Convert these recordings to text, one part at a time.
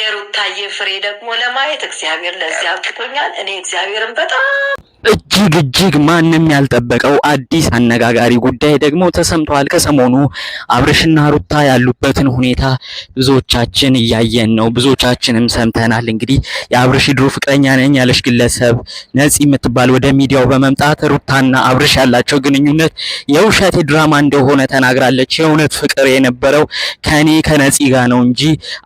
የሩታዬ ፍሬ ደግሞ ለማየት እግዚአብሔር ለዚህ አብቅቶኛል። እኔ እግዚአብሔርን በጣም እጅግ እጅግ ማንም ያልጠበቀው አዲስ አነጋጋሪ ጉዳይ ደግሞ ተሰምቷል። ከሰሞኑ አብርሽና ሩታ ያሉበትን ሁኔታ ብዙዎቻችን እያየን ነው፣ ብዙዎቻችንም ሰምተናል። እንግዲህ የአብርሽ ድሮ ፍቅረኛ ነኝ ያለሽ ግለሰብ ነፂ የምትባል ወደ ሚዲያው በመምጣት ሩታና አብርሽ ያላቸው ግንኙነት የውሸት ድራማ እንደሆነ ተናግራለች። የእውነት ፍቅር የነበረው ከኔ ከነፂ ጋር ነው እንጂ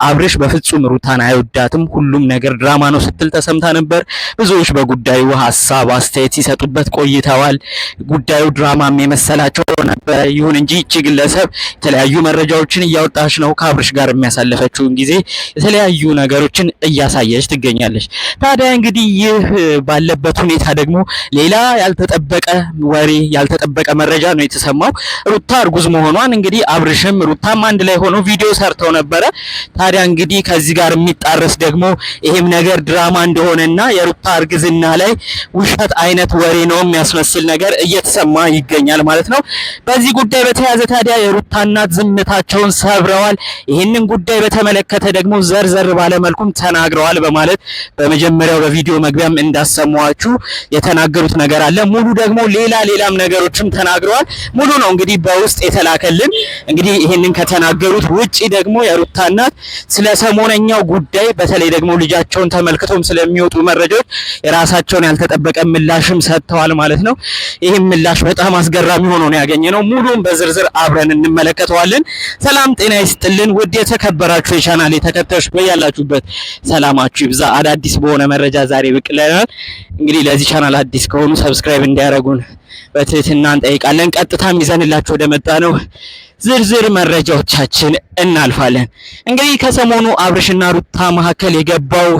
አብርሽ በፍጹም ሩታን አይወዳትም፣ ሁሉም ነገር ድራማ ነው ስትል ተሰምታ ነበር። ብዙዎች በጉዳዩ ሀሳብ አስተያየት ሲሰጡበት ቆይተዋል። ጉዳዩ ድራማም የመሰላቸው ነበረ። ይሁን እንጂ እቺ ግለሰብ የተለያዩ መረጃዎችን እያወጣች ነው። ከአብርሽ ጋር የሚያሳለፈችውን ጊዜ የተለያዩ ነገሮችን እያሳየች ትገኛለች። ታዲያ እንግዲህ ይህ ባለበት ሁኔታ ደግሞ ሌላ ያልተጠበቀ ወሬ፣ ያልተጠበቀ መረጃ ነው የተሰማው። ሩታ እርጉዝ መሆኗን እንግዲህ አብርሽም ሩታም አንድ ላይ ሆኖ ቪዲዮ ሰርተው ነበረ። ታዲያ እንግዲህ ከዚህ ጋር የሚጣረስ ደግሞ ይሄም ነገር ድራማ እንደሆነና የሩታ እርግዝና ላይ ውሸት አይነት ወሬ ነው የሚያስመስል ነገር እየተሰማ ይገኛል ማለት ነው። በዚህ ጉዳይ በተያያዘ ታዲያ የሩታ እናት ዝምታቸውን ሰብረዋል። ይህንን ጉዳይ በተመለከተ ደግሞ ዘርዘር ባለመልኩም ተናግረዋል በማለት በመጀመሪያው በቪዲዮ መግቢያም እንዳሰማዋችሁ የተናገሩት ነገር አለ። ሙሉ ደግሞ ሌላ ሌላም ነገሮችም ተናግረዋል። ሙሉ ነው እንግዲህ በውስጥ የተላከልን። እንግዲህ ይህንን ከተናገሩት ውጪ ደግሞ የሩታ እናት ስለ ሰሞነኛው ጉዳይ በተለይ ደግሞ ልጃቸውን ተመልክቶም ስለሚወጡ መረጃዎች የራሳቸውን ያልተጠበቀ ምላሽም ሰጥተዋል ማለት ነው። ይህም ምላሽ በጣም አስገራሚ ሆኖ ነው ያገኘ ነው። ሙሉም በዝርዝር አብረን እንመለከተዋለን። ሰላም ጤና ይስጥልን ውድ የተከበራችሁ የቻናል የተከታዮች በያላችሁበት ሰላማችሁ ይብዛ። አዳዲስ በሆነ መረጃ ዛሬ ብቅ ብለናል። እንግዲህ ለዚህ ቻናል አዲስ ከሆኑ ሰብስክራይብ እንዲያደርጉን በትህትና እንጠይቃለን። ቀጥታም ይዘንላችሁ ወደ መጣ ነው ዝርዝር መረጃዎቻችን እናልፋለን። እንግዲህ ከሰሞኑ አብርሽና ሩታ መካከል የገባው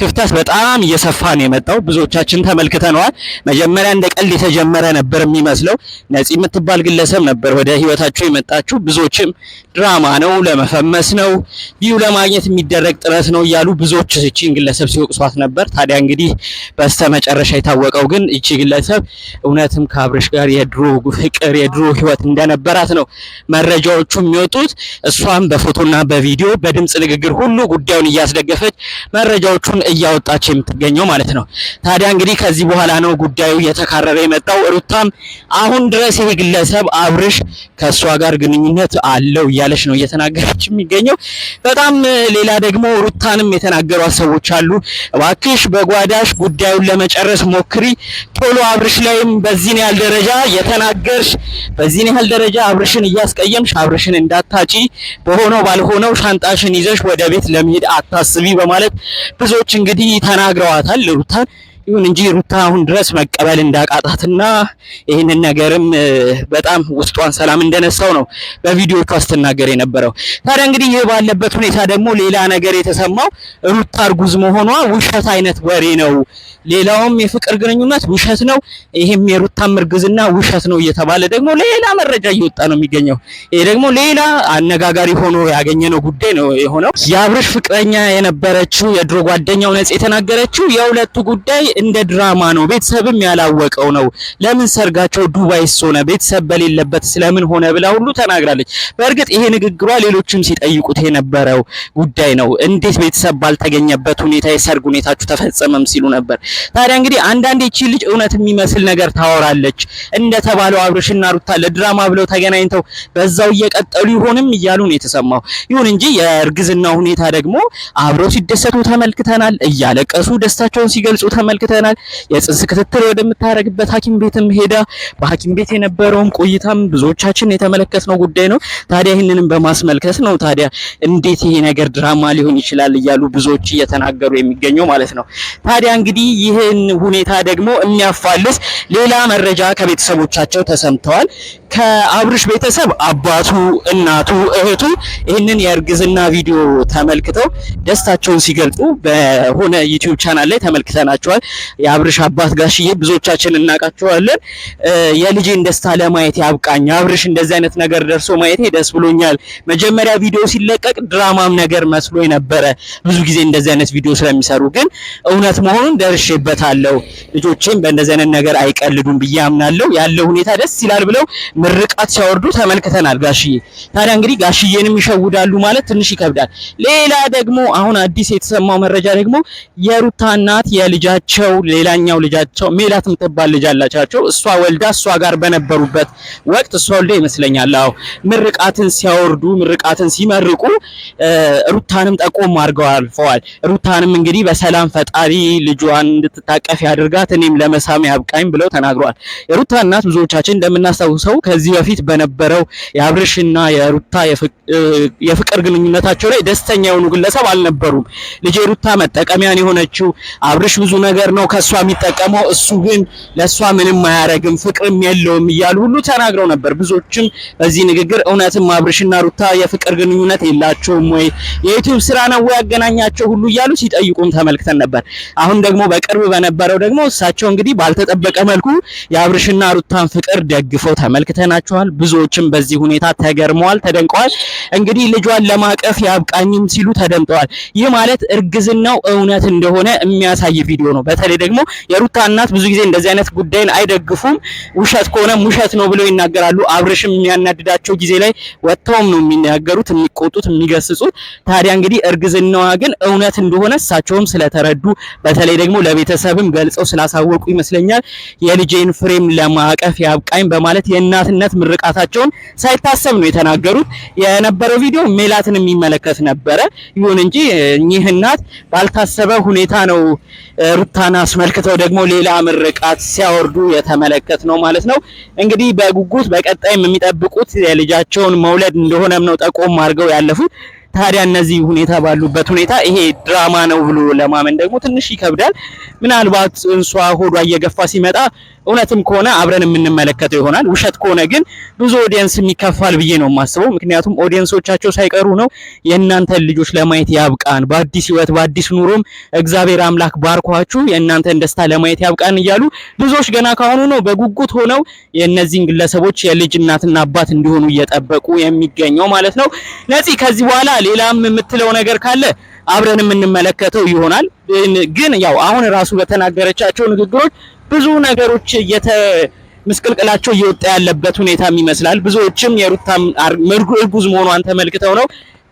ክፍተት በጣም እየሰፋ ነው የመጣው። ብዙዎቻችን ተመልክተነዋል። መጀመሪያ እንደ ቀልድ የተጀመረ ነበር የሚመስለው። ነፂ የምትባል ግለሰብ ነበር ወደ ህይወታቸው የመጣችው። ብዙዎችም ድራማ ነው፣ ለመፈመስ ነው፣ ቪው ለማግኘት የሚደረግ ጥረት ነው እያሉ ብዙዎች እቺን ግለሰብ ሲወቅሷት ነበር። ታዲያ እንግዲህ በስተመጨረሻ የታወቀው ግን እቺ ግለሰብ እውነትም ከአብርሽ ጋር የድሮ ፍቅር የድሮ ህይወት እንደነበራት ነው መረጃዎቹ የሚወጡት እሷም በፎቶና በቪዲዮ በድምፅ ንግግር ሁሉ ጉዳዩን እያስደገፈች መረጃዎቹን እያወጣች የምትገኘው ማለት ነው። ታዲያ እንግዲህ ከዚህ በኋላ ነው ጉዳዩ እየተካረረ የመጣው። ሩታም አሁን ድረስ ይሄ ግለሰብ አብርሽ ከእሷ ጋር ግንኙነት አለው እያለች ነው እየተናገረች የሚገኘው። በጣም ሌላ ደግሞ ሩታንም የተናገሯት ሰዎች አሉ። እባክሽ በጓዳሽ ጉዳዩን ለመጨረስ ሞክሪ ቶሎ አብርሽ ላይም በዚህን ያህል ደረጃ የተናገርሽ በዚህን ያህል ደረጃ አብርሽን እያስቀ አልቆየም ሻብርሽን እንዳታጪ በሆነው ባልሆነው ሻንጣሽን ይዘሽ ወደ ቤት ለመሄድ አታስቢ በማለት ብዙዎች እንግዲህ ተናግረዋታል ሩታን ይሁን እንጂ ሩታ አሁን ድረስ መቀበል እንዳቃጣትና ይህንን ነገርም በጣም ውስጧን ሰላም እንደነሳው ነው በቪዲዮቿ ስትናገር የነበረው። ታዲያ እንግዲህ ይህ ባለበት ሁኔታ ደግሞ ሌላ ነገር የተሰማው ሩታ እርጉዝ መሆኗ ውሸት አይነት ወሬ ነው፣ ሌላውም የፍቅር ግንኙነት ውሸት ነው፣ ይሄም የሩታም እርግዝና ውሸት ነው እየተባለ ደግሞ ሌላ መረጃ እየወጣ ነው የሚገኘው። ይሄ ደግሞ ሌላ አነጋጋሪ ሆኖ ያገኘነው ጉዳይ ነው የሆነው። የአብርሽ ፍቅረኛ የነበረችው የድሮ ጓደኛው ነጽ የተናገረችው የሁለቱ ጉዳይ እንደ ድራማ ነው። ቤተሰብም ያላወቀው ነው። ለምን ሰርጋቸው ዱባይስ ሆነ ቤተሰብ በሌለበት ስለምን ሆነ ብላ ሁሉ ተናግራለች። በእርግጥ ይሄ ንግግሯ ሌሎችም ሲጠይቁት የነበረው ጉዳይ ነው። እንዴት ቤተሰብ ባልተገኘበት ሁኔታ የሰርግ ሁኔታችሁ ተፈጸመም ሲሉ ነበር። ታዲያ እንግዲህ አንዳንዴ ይቺ ልጅ እውነት የሚመስል ነገር ታወራለች። እንደተባለው አብርሽና ሩታ ለድራማ ብለው ተገናኝተው በዛው እየቀጠሉ ይሆንም እያሉ ነው የተሰማው። ይሁን እንጂ የእርግዝና ሁኔታ ደግሞ አብረው ሲደሰቱ ተመልክተናል። እያለቀሱ ደስታቸውን ሲገልጹ ተመልክ ተመልክተናል። የጽንስ ክትትል ወደምታደርግበት ሐኪም ቤትም ሄዳ በሐኪም ቤት የነበረውን ቆይታም ብዙዎቻችን የተመለከትነው ጉዳይ ነው። ታዲያ ይህንንም በማስመልከት ነው ታዲያ እንዴት ይሄ ነገር ድራማ ሊሆን ይችላል እያሉ ብዙዎች እየተናገሩ የሚገኘው ማለት ነው። ታዲያ እንግዲህ ይህን ሁኔታ ደግሞ የሚያፋልስ ሌላ መረጃ ከቤተሰቦቻቸው ተሰምተዋል። ከአብርሽ ቤተሰብ አባቱ፣ እናቱ፣ እህቱ ይህንን የእርግዝና ቪዲዮ ተመልክተው ደስታቸውን ሲገልጹ በሆነ ዩቲዩብ ቻናል ላይ ተመልክተናቸዋል። የአብርሽ አባት ጋሽዬ ብዙዎቻችን እናውቃቸዋለን። የልጄን ደስታ ለማየት ያብቃኝ። አብርሽ እንደዚህ አይነት ነገር ደርሶ ማየቴ ደስ ብሎኛል። መጀመሪያ ቪዲዮ ሲለቀቅ ድራማም ነገር መስሎ ነበረ። ብዙ ጊዜ እንደዚህ አይነት ቪዲዮ ስለሚሰሩ ግን እውነት መሆኑን ደርሼበታለሁ። ልጆቼም በእንደዚህ አይነት ነገር አይቀልዱም ብዬ አምናለሁ። ያለው ሁኔታ ደስ ይላል ብለው ምርቃት ሲያወርዱ ተመልክተናል። ጋሽዬ ታዲያ እንግዲህ ጋሽዬንም ይሸውዳሉ ማለት ትንሽ ይከብዳል። ሌላ ደግሞ አሁን አዲስ የተሰማው መረጃ ደግሞ የሩታ እናት የልጃቸው ልጃቸው ሌላኛው ልጃቸው ሜላት የምትባል ልጅ አላቻቸው። እሷ ወልዳ እሷ ጋር በነበሩበት ወቅት እሷ ወልዳ ይመስለኛል። አዎ ምርቃትን ሲያወርዱ ምርቃትን ሲመርቁ ሩታንም ጠቆም አድርገው አልፈዋል። ሩታንም እንግዲህ በሰላም ፈጣሪ ልጇን እንድትታቀፍ ያድርጋት እኔም ለመሳም ያብቃኝ ብለው ተናግረዋል። የሩታ እናት ብዙዎቻችን እንደምናስታውሰው ከዚህ በፊት በነበረው የአብርሽና የሩታ የፍቅር ግንኙነታቸው ላይ ደስተኛ የሆኑ ግለሰብ አልነበሩም። ልጄ ሩታ መጠቀሚያን የሆነችው አብርሽ ብዙ ነገር ነገር ነው ከእሷ የሚጠቀመው እሱ ግን ለእሷ ምንም አያረግም ፍቅርም የለውም እያሉ ሁሉ ተናግረው ነበር። ብዙዎችም በዚህ ንግግር እውነትም አብርሽና ሩታ የፍቅር ግንኙነት የላቸውም ወይ የዩቲዩብ ስራ ነው ወይ ያገናኛቸው ሁሉ እያሉ ሲጠይቁም ተመልክተን ነበር። አሁን ደግሞ በቅርብ በነበረው ደግሞ እሳቸው እንግዲህ ባልተጠበቀ መልኩ የአብርሽና ሩታን ፍቅር ደግፈው ተመልክተናቸዋል። ብዙዎችም በዚህ ሁኔታ ተገርመዋል፣ ተደንቀዋል። እንግዲህ ልጇን ለማቀፍ ያብቃኝም ሲሉ ተደምጠዋል። ይህ ማለት እርግዝናው እውነት እንደሆነ የሚያሳይ ቪዲዮ ነው። በተለይ ደግሞ የሩታ እናት ብዙ ጊዜ እንደዚህ አይነት ጉዳይን አይደግፉም። ውሸት ከሆነ ውሸት ነው ብለው ይናገራሉ። አብርሽም የሚያናድዳቸው ጊዜ ላይ ወጥተውም ነው የሚናገሩት፣ የሚቆጡት፣ የሚገስጹት። ታዲያ እንግዲህ እርግዝናዋ ግን እውነት እንደሆነ እሳቸውም ስለተረዱ በተለይ ደግሞ ለቤተሰብም ገልጸው ስላሳወቁ ይመስለኛል የልጄን ፍሬም ለማቀፍ ያብቃኝ በማለት የእናትነት ምርቃታቸውን ሳይታሰብ ነው የተናገሩት። የነበረው ቪዲዮ ሜላትን የሚመለከት ነበረ። ይሁን እንጂ እኚህ እናት ባልታሰበ ሁኔታ ነው ሩታ በዓሏን አስመልክተው ደግሞ ሌላ ምርቃት ሲያወርዱ የተመለከት ነው ማለት ነው። እንግዲህ በጉጉት በቀጣይም የሚጠብቁት የልጃቸውን መውለድ እንደሆነም ነው ጠቆም አድርገው ያለፉት። ታዲያ እነዚህ ሁኔታ ባሉበት ሁኔታ ይሄ ድራማ ነው ብሎ ለማመን ደግሞ ትንሽ ይከብዳል። ምናልባት እንሷ ሆዷ እየገፋ ሲመጣ እውነትም ከሆነ አብረን የምንመለከተው ይሆናል። ውሸት ከሆነ ግን ብዙ ኦዲየንስ የሚከፋል ብዬ ነው የማስበው። ምክንያቱም ኦዲየንሶቻቸው ሳይቀሩ ነው የእናንተን ልጆች ለማየት ያብቃን፣ በአዲስ ህይወት በአዲስ ኑሮም እግዚአብሔር አምላክ ባርኳችሁ የእናንተን ደስታ ለማየት ያብቃን እያሉ ብዙዎች ገና ካሁኑ ነው በጉጉት ሆነው የእነዚህን ግለሰቦች የልጅ እናትና አባት እንዲሆኑ እየጠበቁ የሚገኘው ማለት ነው። ነፂ ከዚህ በኋላ ሌላም የምትለው ነገር ካለ አብረን የምንመለከተው ይሆናል። ግን ያው አሁን ራሱ በተናገረቻቸው ንግግሮች ብዙ ነገሮች ምስቅልቅላቸው እየወጣ ያለበት ሁኔታም ይመስላል። ብዙዎችም የሩታ እርጉዝ መሆኗን ተመልክተው ነው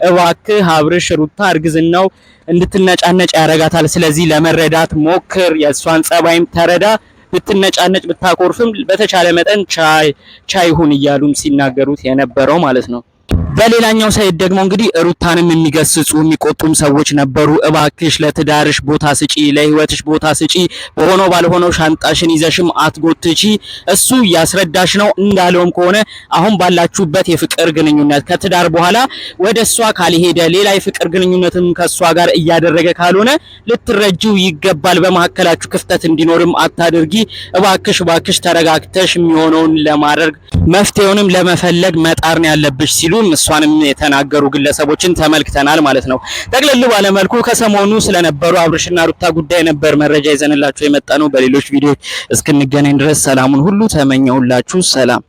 እባክህ አብርሽ ሩታ እርግዝናው እንድትነጫነጭ ያደርጋታል፣ ስለዚህ ለመረዳት ሞክር፣ የእሷን ጸባይም ተረዳ፣ ብትነጫነጭ ብታኮርፍም በተቻለ መጠን ቻይ ቻይ ሁን እያሉም ሲናገሩት የነበረው ማለት ነው። በሌላኛው ሳይድ ደግሞ እንግዲህ ሩታንም የሚገስጹ የሚቆጡም ሰዎች ነበሩ። እባክሽ ለትዳርሽ ቦታ ስጪ፣ ለህይወትሽ ቦታ ስጪ፣ በሆነው ባልሆነው ሻንጣሽን ይዘሽም አትጎትቺ። እሱ ያስረዳሽ ነው። እንዳለውም ከሆነ አሁን ባላችሁበት የፍቅር ግንኙነት ከትዳር በኋላ ወደ እሷ ካልሄደ ሌላ የፍቅር ግንኙነትም ከእሷ ጋር እያደረገ ካልሆነ ልትረጅው ይገባል። በመካከላችሁ ክፍተት እንዲኖርም አታድርጊ። እባክሽ እባክሽ ተረጋግተሽ የሚሆነውን ለማድረግ መፍትሄውንም ለመፈለግ መጣር ነው ያለብሽ ሲሉ እሷንም የተናገሩ ግለሰቦችን ተመልክተናል ማለት ነው። ጠቅለል ባለመልኩ ከሰሞኑ ስለነበሩ አብርሽና ሩታ ጉዳይ ነበር መረጃ ይዘንላችሁ የመጣ ነው። በሌሎች ቪዲዮዎች እስክንገናኝ ድረስ ሰላሙን ሁሉ ተመኘውላችሁ። ሰላም